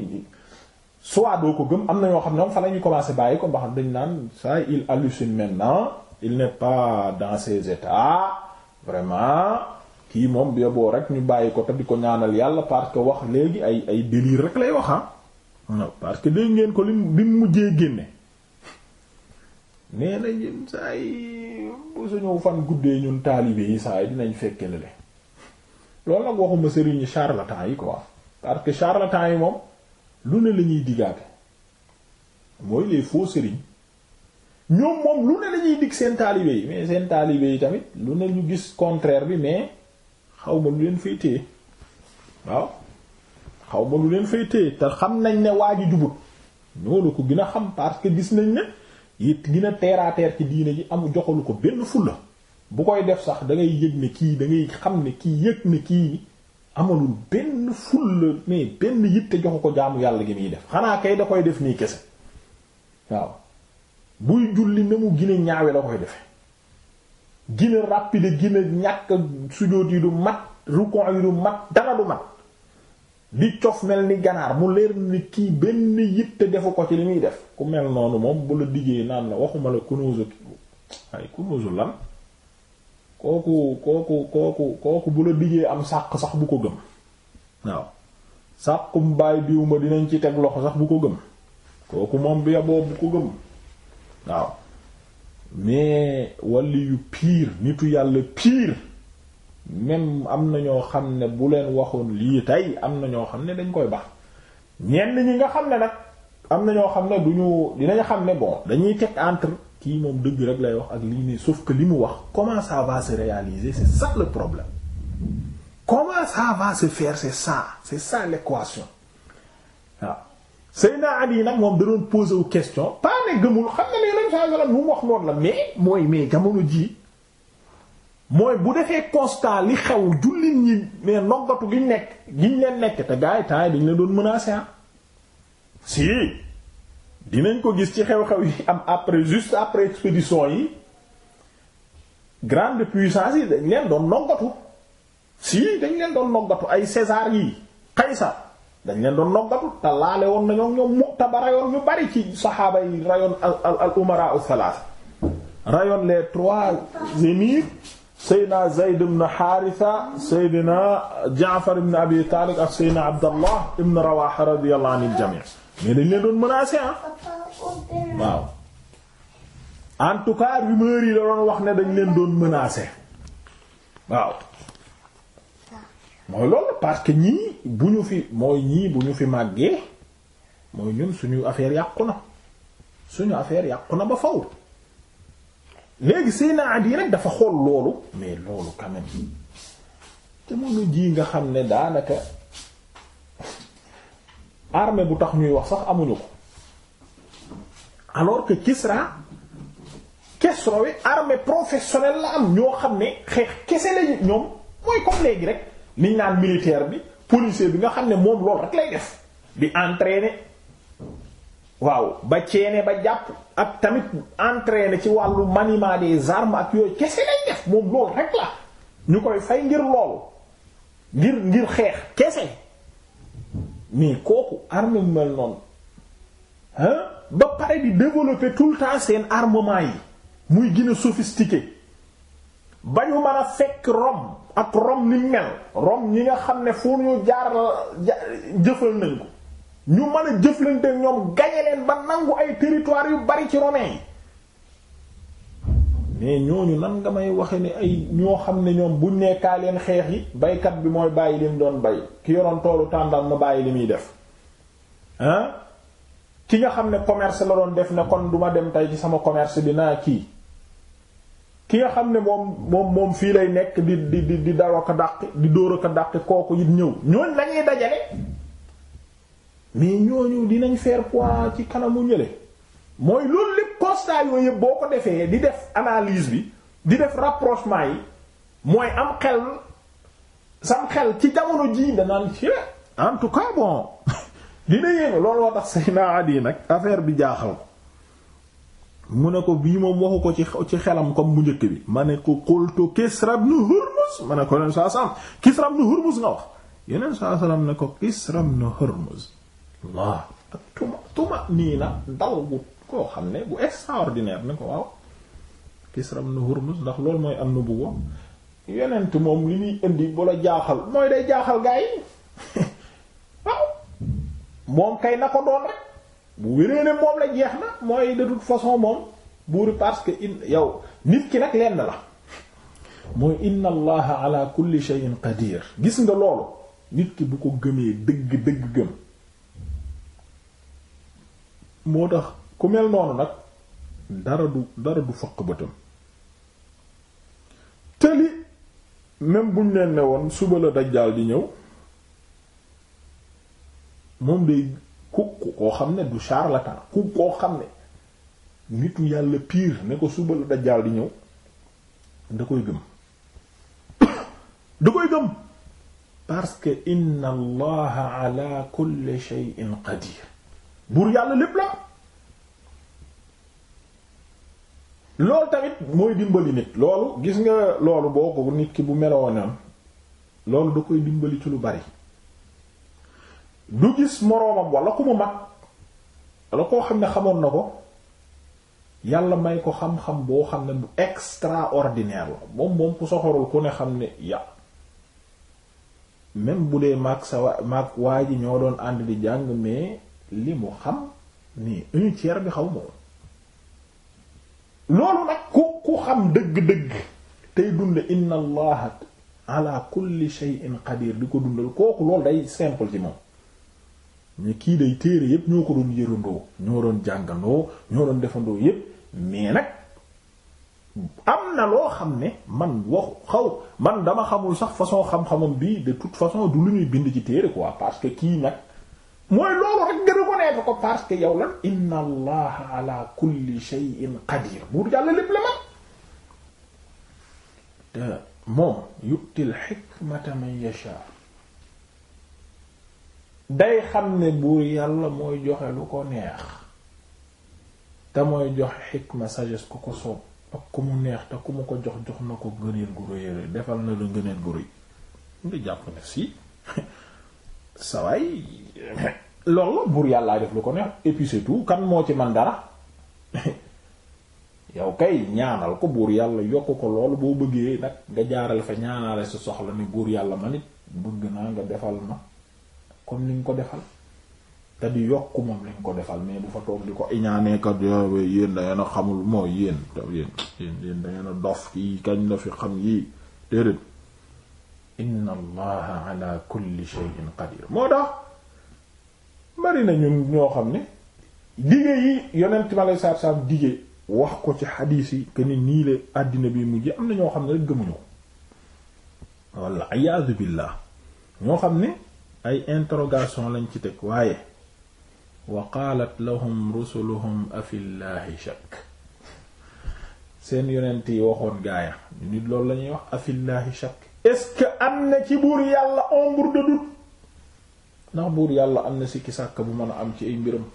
soit doo ko gëm am na ñoo xam ne moom fa la ñuy commencer bàyyi ko ba xam dañu naan ça il hallucine maintenant il n'est pas dans ses états vraiment kii moom bi boo rek ñu bàyyi ko te di ko ñaanal yàlla parce que wax léegi ay ay délire rek lay wax ah parce que dégg ngeen ko li mu mujjee génne. nee na saa yi suñu fan guddee ñun taalibe yi saa yi dinañ fekke lele loolu nag waxuma sëriñu charlatan yi quoi parce que charlatan yi moom lu ne la ñuy diggaate mooy les faux sëriñ ñoom moom lu ne la ñuy seen taalibe yi mais seen taalibe yi tamit lu ne ñu gis contraire bi mais xaw ma lu leen fay téye waaw xaw ma lu leen fay téye te xam nañ ne waa ji jubut ñoo la ko gën a xam parce que gis nañ ne. it gën a terre à terre ci diine ji amu joxalu ko benn fulla bu koy def sax dangay ngay yëg ne kii da xam ne kii yëg ne kii amalul benn fulla mais benn yitte joxu ko jaamu yàlla gi muy def xanaa kay da koy def nii kese waaw buy julli na mu gën a ñaawe la koy defe gën a rapide gën ñàkk sujóot yi du mat rukon yi du mat dara du mat di cof mel ni ganaar mu leer ni kii benn yitte defu ko ci li muy def ku mel noonu moom bu la diggee naan la waxuma la kunuusu ay kunuusu lan kooku kooku kooku kooku bu la diggee am sàq sax bu ko gëm waaw sàqum baay diw dinañ ci teg loxo sax bu ko gëm kooku moom bi yaboo bu ko gëm waaw mais wàlli yu piir nitu yàlla piir même am na ñoo xam ne bu leen waxoon lii tey am na ñoo xam ne dañ koy baax ñenn ñi nga xam ne nag am na ñoo xam ne du ñu dinañ xam ne bon dañuy teg entre kii moom dëgg rek lay wax ak lii nii sauf que li mu wax comment ça va se réaliser c'est ça le problème comment ça va se faire c'est ça c'est ça l'équation waaw Seydina Ali nag moom da doon poser wu question pas ne gëmul xam na ne Yonent bi sallallahu alayhi wasallam mu wax noonu la mais mooy mais jamono ji mooy bu defee constat li xew jullit ñi mais noggatu ñu nekk giñ leen nekk te gars yi temps yi dañ leen doon a ah si dinañ ko gis ci xew-xew yi am après juste après expédition yi grande puissance yi dañ leen doon noggatu si dañ leen doon noggatu ay César yi Qaysar dañ leen doon noggatu te laale woon nañoo ñoom mu te ba rayoon ñu bari ci saxaaba yi rayoon al al umara al salaas rayoon les trois émirs Seydina Zayd ibn Haarisa Seydina Jaafar ibn Abi Taalib ak Seydina Abdallah ibn Rawaaha radiyallahu anil jamii mais dañ leen doon menacer ah waaw en tout cas rumeur yi la doon wax ne dañ leen doon menacer waaw mooy loolu parce que ñii bu ñu fi mooy ñii bu ñu fi màggee mooy ñun suñu affaire yàqu na suñu affaire yàqu na ba faw léegi Seydina Adi nag dafa xool loolu mais loolu quand te jamono jii nga xam ne daanaka armée bu tax ñuy wax sax amuñu ko alors que Kisra Kisra wi armée professionnelle la am ñoo xam ne xeex kese lañu ñoom mooy comme léegi rek liñ naan militaire bi policier bi nga xam ne moom loolu rek lay def di entraîner waaw ba ceene ba jàpp ak tamit entraîner ci wàllu maniement des armes ak yooyu kese lay def moom loolu rek la ñu koy fay ngir loolu ngir ngir xeex kese mais kooku arme mel noonu ba pare di tout le temps seen armement yi muy gën a ba ñu mën a fekk Rome ak Rome ni mel Rome ñi nga xam ne foo ñu jaar jëfal nañ ko ñu mën a jëflante ñoom gañe leen ba nangu ay territoire yu bari ci romains yi mais ñooñu nan nga may waxe ni ay ñoo xam ne ñoom buñ nekkaa leen xeex yi baykat bi mooy bàyyi lim doon bay ki yoroon toolu tàndal ma bàyyi li muy def ah ki nga xam ne commerce la doon def ne kon duma dem tey ci sama commerce bi naa kii ki nga xam ne moom moom moom fii lay nekk di di di di daroo dàq di dóor dàq kooku it ñëw ñooñ lañuy dajale mais ñooñu dinañ faire quoi ci kanamu ñële mooy loolu lépp constat yooyu yëpp boo ko defee di def analyse bi di def rapprochement yi mooy am xel sam xel ci jamono ji danaan ci en tout cas bon dina yéeme loolu moo tax say naa yi nag affaire bi jaaxal ko mu ne ko bii moom waxu ko ci ci xelam comme bu njëkk bi ma ne ko qultu Kisra ibn Hurmuz ma ne ko yeneen saa saam Kisra ibn Hurmuz nga wax yeneen saa saam ne ko Kisra ibn Hurmuz waaw tuma tuma nii na dal bu koo xam ne bu extraordinaire ne ko waaw Kisra ibn Hurmuz ndax lool mooy am na bu wo yonent moom li muy indi bu la jaaxal mooy day jaaxal gaa moom kay na ko doon rek bu wéree ne moom la jeex na mooy de façon moom buuri parce que in yow nit ki nag lenn la mooy inna allaha ala kulli shay'in qadir gis nga loolu nit ki bu ko gëmee dëgg dëgg gëm moo tax ku mel noonu nag dara du dara du faq bëtam te li même buñ ne woon suba la dajjaal di ñëw moom day ku ku koo xam ne du charlatan ku koo xam ne nitu yàlla piir ne ko suba la dajjaal di ñëw da koy gëm da koy gëm parce que in allaha ala kulli shay'in qadir buur yàlla lépp la loolu tamit mooy dimbali nit loolu gis nga loolu boo ko nit ki bu meloonam loolu du koy dimbali ci lu bari du gis moroomam wala ku mu mag xam ne xamoon ko yàlla may ko xam boo xam ne bu extraordinaire la xam ne ya même bu dee maag sa maag waa ji ñoo doon ànd di jàng mais li mu xam ni un tiers bi xaw moom loolu nag ku ku xam dëgg-dëgg tey dund inna allaha ala kulli shay'in qadir di ko dundal kooku loolu day simple ci moom ñu kii day téere yépp ñoo ko doon yërandoo ñoo doon jàngandoo ñoo doon defandoo yépp mais nag am na loo xam ne man waxu xaw man dama xamul sax façon xam-xamam bi de toute façon du lu ñuy bind ci téere quoi parce que kii nag mooy loolu rek gën a ko nekk ko parce que yow lan inna allaha ala kulli shay'in qadir buur yàlla lépp la man te moom yu'til hikmata man yasha day xam ne buur yàlla mooy joxe lu ko neex te mooy jox xikma sagesse ku ko soob ak ku mu neex te ku mu ko jox jox na ko gëneel gu rëy defal na lu gëneel gu rëy nga jàpp ne si sawaay loolu buur yàllaa def lu ko neex et tout kan moo ci man dara yow kay ñaanal ko buur yàlla yokk ko loolu boo bëggee nag nga jaaral fa ñaanaale sa soxla ni buur yàlla ma nit bëgg naa nga defal na kon li nga ko defal te di yokk moom li nga ko defal mais bu fa toog di ko iñaanee kat ah, yéen dangeen a xamul mooy yéen yéen yéen dof kii kañ la fi xam yii déedéet inna allaha ala kulli shay'in qadir moo tax bari na ñun ñoo xam ne dige yi yonent ma lay saab saab dige wax ko ci xadiis yi que ni nii la àddina bi mujj am na ñoo xam ne rek gëmuñu ko walla ayaazu billah ñoo xam ne ay interrogation lañ ci teg waaye wa qaalat lahum rusuluhum afillahi shakk seen yonent yi waxoon gaaya ñu nit loolu lañuy wax afillahi shakk est-ce que am na ci buur yàlla ombre de doute ndax buur yàlla am na sikki sàkk bu mën a am ci ay mbiram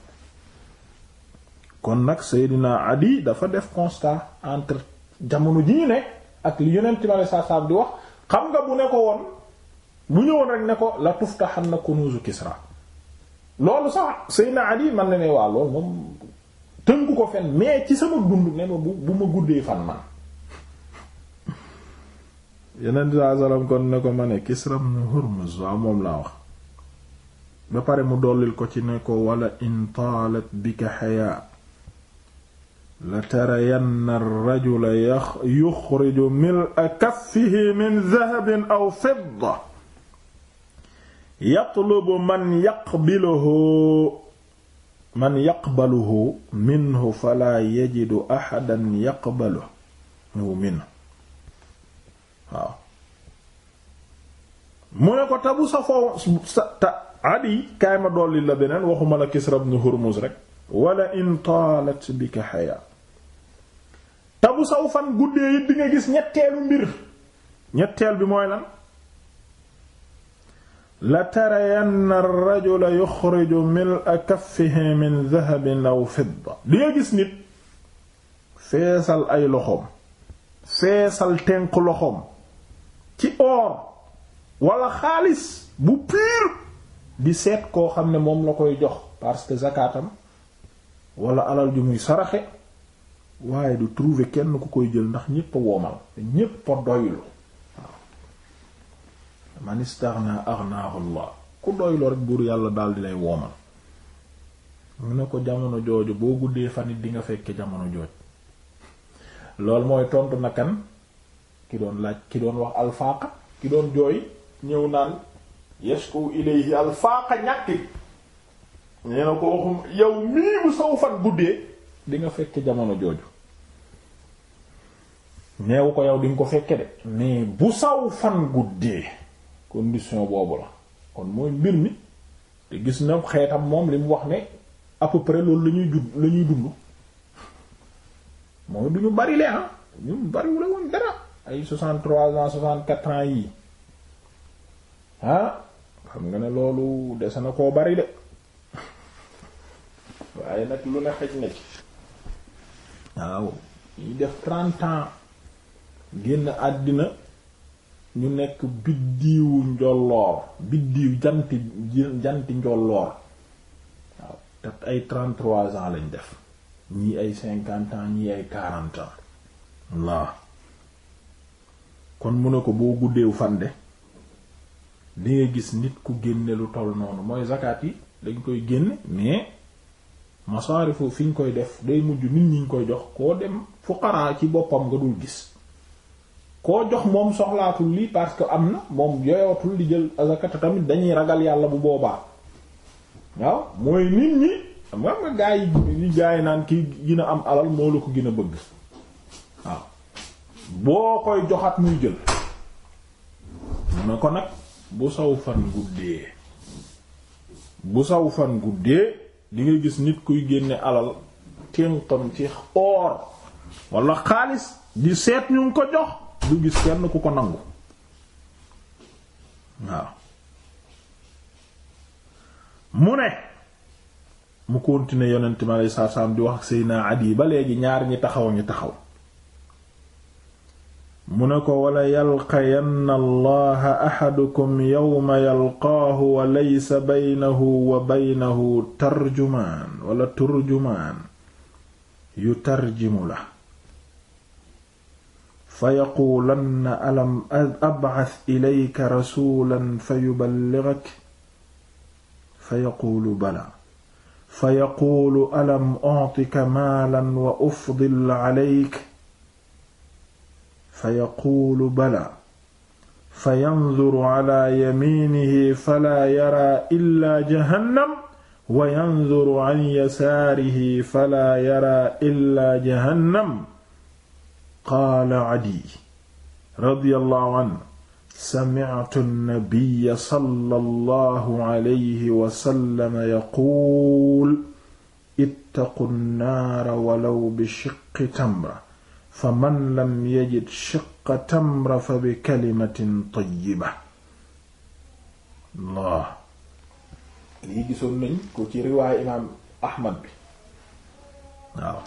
kon nag Seydina Adi dafa def constat entre jamono jii ne ak li yonent ma saa saab di wax xam nga bu ne ko woon bu ñëwoon rek ne ko la xam na kunuzu Kisra loolu sax Seydina Adi man na ne waa loolu moom tënku ko fen mais ci sama dund ne ma bu bu ma guddee fan man yeneen saa salaam kon ne ko ma ne Kisra ibn Hurmuz waaw moom laa wax ba pare mu dollil ko ci ne ko wala in taalat bika xayaa la tarayanna ar-rajula yuxriju mil'a kaffihi min dahabin aw fidda yatlubu man yaqbiluhu man yaqbaluhu minhu fala yajidu axadan yaqbaluhu minhu waaw mu ne ko tabu sa foo sa ta adi kaay ma dolli la beneen waxuma la Kisra ibn Hurmuz rek wala in taalat bika haya tabu saw fan guddee yit di gis ñetteelu mbir ñetteel bi mooy lan la tarayanna ar-rajula yuxriju mil'a kaffihi min dhahabin aw fidda di gis nit feesal ay loxoom feesal tenk loxoom ci or wala xaalis bu pur di seet koo xam ne moom la koy jox parce que zakaatam walla alal ju muy saraxe waaye du trouver kenn ku koy jël ndax ñépp a woomal te ñépp a doylu waaw man istaghna ku doylu rek buur yàlla daal di lay woomal mu ne ko jamono jooju boo guddee fanit di nga fekke jamono jooj loolu mooy tontu na kan ki doon laaj ki doon wax alfaaqa ki doon jooy ñëw naan yashku ilayhi alfaaqa ñàkk nee na ko waxum yow mii bu saw fan guddee di nga fekke jamono jooju neewu ko yow di ko fekke de mais bu saw fan guddee condition boobu la kon mooy mbir mi te gis na xeetam moom li mu wax ne à loolu la ñuy jud ñuy dund mooy du ñu bari lee ah ñun bariwul woon dara ay soixante-trois ans soixante-quatre ans yii ah xam nga ne loolu dese na koo bari de waaye nag lu ne xëj na ci waaw ñuy def trente génn àddina ñu nekk biddiwu njolloor biddiw janti janti njolloor waaw te ay trente-trois ans lañ def ñii ay cinquante ans ñii ay quarante ans waaw kon mu ne ko boo guddeew fande di nga gis nit ku génne lu toll noonu mooy zakat yi dañ koy génne mais masaarifu fi ñu koy def day mujj nit ñi koy jox koo dem fuqaraa ci boppam nga dul gis koo jox moom soxlaatul li parce que am na moom yoyootul li jël zakat tamit dañuy ragal yàlla bu boobaa waaw mooy nit ñi xam nga gaa yi naan ki gina am alal moo la ko gën a bëgg waaw boo koy joxat muy jël mu ne ko nag bu saw fan guddee bu saw fan guddee di nga gis nit kuy génne alal tintam ci or walla xaalis di seet ñu ko jox du gis kenn ku ko nangu waaw mu ne mu continuer yonent mi aleyhi salaatu salaam di wax ak Seydina Adi ba léegi ñaar ñi taxaw ñi taxaw mu ne ko wala yalqayanna allaha axadukum yowma yalqaahu wa laysa baynahu wa baynahu tarjumaan wala turjumaan yu tarjimu la fa yaquulanna alam abcas ilayka rasuulan fa yuballigak fa yaquulu bala fa yaquulu alam uctika maalan wa ufdil calayk fa yaquulu balaa fa yanzuru calaa yamiinihi falaa yaraa illaa jahannam wa yanzuru can yasaarihi falaa yaraa illaa jahannam qaala cadi radiyallahu canhu samictu nnabiya sallallahu alayhi wasallam yaquul ittaqu nnaara walaw bishiqqi tamra fa man lam yajid shiqqa tamra fa bi kalimatin tayyiba Allah lii gisoon nañ ko ci riwaayu imaam Ahmad bi waaw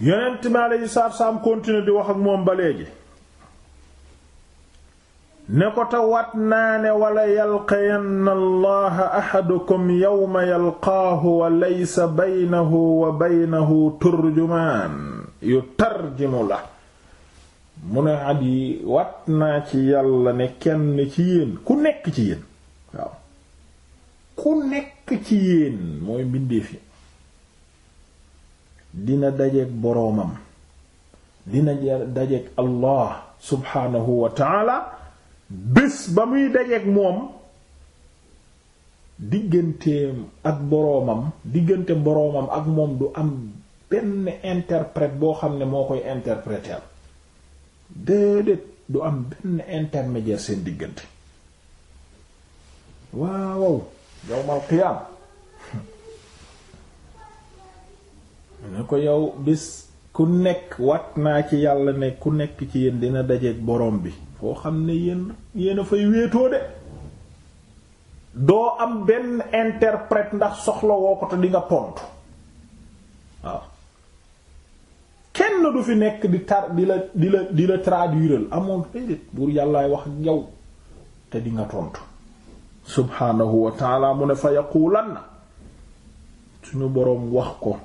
yonent mi aleyhi salaatu salaam continuer di wax ak moom ba léegi ne ko te wat naa ne wala yalqayanna allaha axadukum yowma yalqaahu wa laysa baynahu wa baynahu turjumaan yu la mu ne at yi wat ci yàlla ne kenn ci yéen ku nekk ci yéen ku nekk ci yéen mooy mbindeef yi dina dajeek boroomam dina dajeek allah subhaanahu wa taala bés ba muy dajeek moom digganteem ak boroomam diggante boroomam ak moom du am benn interprète boo xam ne moo koy interpréter déedéet du am benn intermédiaire seen diggante waaw yawmal qiyaam ne ko yow bés ku nekk wat naa ci yàlla ne ku nekk ci yéen dina dajeeg borom bi foo xam ne yéen yéen a fay wéetoo de doo am benn interpret ndax soxlawoo woo ko te di nga tontu waaw kenn du fi nekk di tar di la di la traduiral amoon déedéet buur yàllaay wax ak yow te di nga tontu subhaanahu wa mu ne fa lan na suñu boroom wax ko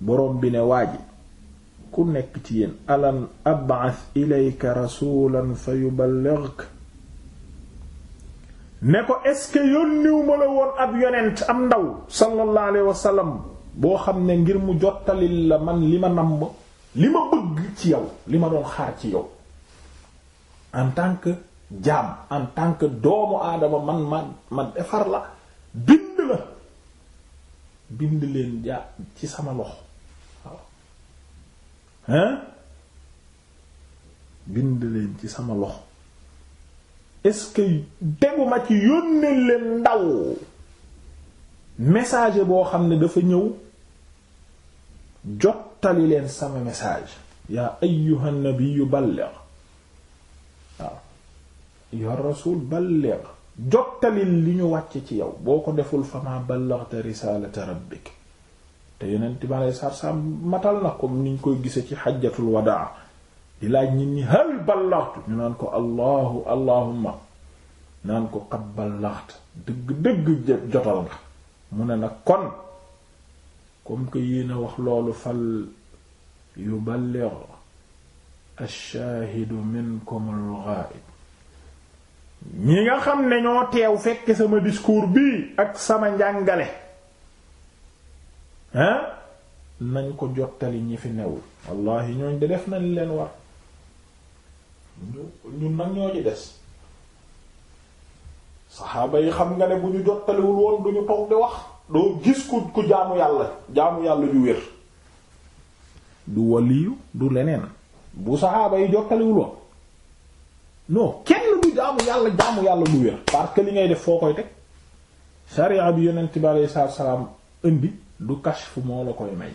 boroom bi ne waa ji ku nekk ci yéen alam ab'ath ilayka rasulan fa yuballighka ne ko est-ce que ma la woon ab yonent am ndaw sallallahu alayhi wasallam boo xam ne ngir mu jottalil la man li ma namm li ma bëgg ci yow li ma doon xaar ci yow en tant que en tant que doomu aadama man ma ma defar la bind la bind leen ja ci sama lox hein bind leen ci sama loxo est-ce que deguma ci yónnee leen ndaw message boo xam ne dafa ñëw jottali leen sama message yaa ayyuha nabiyyu balligh waaw ya rasul balligh jottali li ñu wàcce ci yow boo ko deful fama ballaghta risalata rabbik te yeneen bi alei satu matal na comme niñ koy gise ci xajjatul wadaa di laaj nit ñi hal ballaxtu ñu naan ko allahu allahumma naan ko qad ballaxt dëgg-dëgg jotal nga mu ne nag kon comme que yéen wax loolu fal yuballigh ash-shaahidu minkum al-ghaa'ib ñi nga xam ne ñoo teew fekk sama discours bii ak sama njàngale hein nañ ko jottali ñi fi newul wallahi ñooñ de def nañ leen war ñun nag ñoo ci des saxaaba yi xam nga ne bu ñu jottaliwul woon duñu toog di wax doo gis ku ku jaamu yàlla jaamu yàlla ju wér du waliyu du leneen bu saxaaba yi jottaliwul woon non kenn du jaamu yàlla jaamu yàlla du wér parce que li ngay def foo koy teg sharia bi yonent bi alayhi salaam indi du fu moo la koy may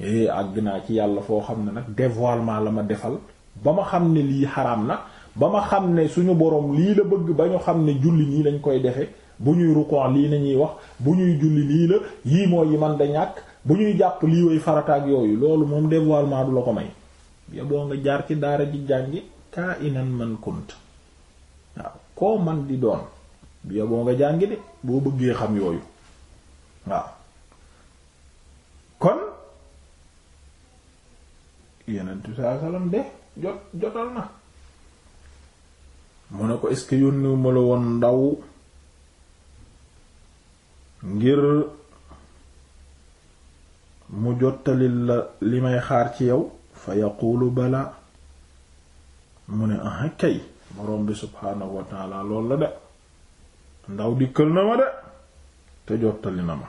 é eh, àgg naa ci yàlla foo xam ne nag dévoilement la ma defal ba ma xam ne lii xaram na ba ma xam ne suñu boroom lii la bëgg ba ñu xam ne julli nii lañ koy defe bu ñuy ruqon lii lañuy wax bu ñuy julli lii la yii mooy yi man da ñàkk bu ñuy jàpp lii way farataak yooyu loolu moom dévoilement du la ko may yoboo nga jaar ci daara ji jàngi kaa inan man kunt waaw koo man di doon yoboo nga jàngi de boo bëggee xam yooyu waaw kon yenentu saa salaam de jot jotal na mu ne ko est-ce la woon ndaw ngir mu jottalil la li may xaar ci yow fa yaqulu bala mu ne aha kay borom bi subhaanahu wa la de ndaw dikkal na ma de te jottali na ma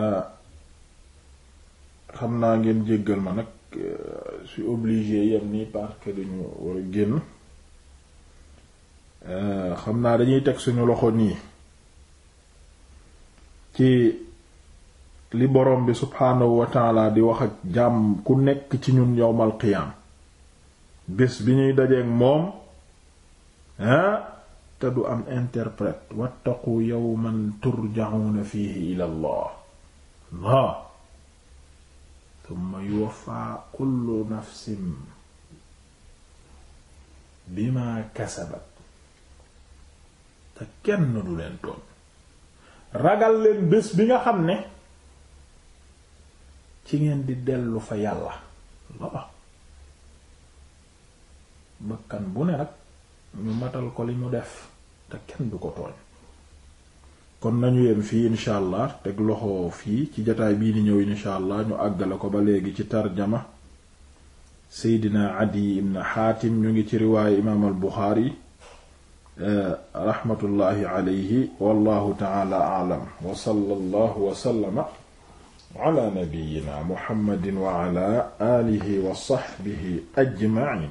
euh, xam naa ngeen jéggal ma nag euh, su obligé yam nii parce dañu war a génn euh, xam naa dañuy teg suñu loxo nii ci li borom bi subhaanahu wa di wax ak jàmm ku nekk ci ñun yowmal qiyaam bés bi ñuy dajeek moom ah du am interprète wattaqu yawman turja'una fihi ila allah allah thumma yuwaffa kullu nafsin bima kasabat te kenn du leen tooñ ragal leen bés bi nga xam ne ci ngeen di dellu fa yàlla la bëkkan bu ne rek ñu matal ko li ñu def te kenn du ko tooñ kon nañu yem fii incha allah teg loxo fii ci jataay bii di ñëw incha allah ñu àggale ko ba léegi ci tarjama seydina adi ibn xaatim ñu ngi ci riwaaye imaam al buxaari eh, raxmatullahi alayhi wallahu taala alam wa sallallahu wa sallama ala nabiyyina muhammadin wa ala alihi wa sahbihi ajma'in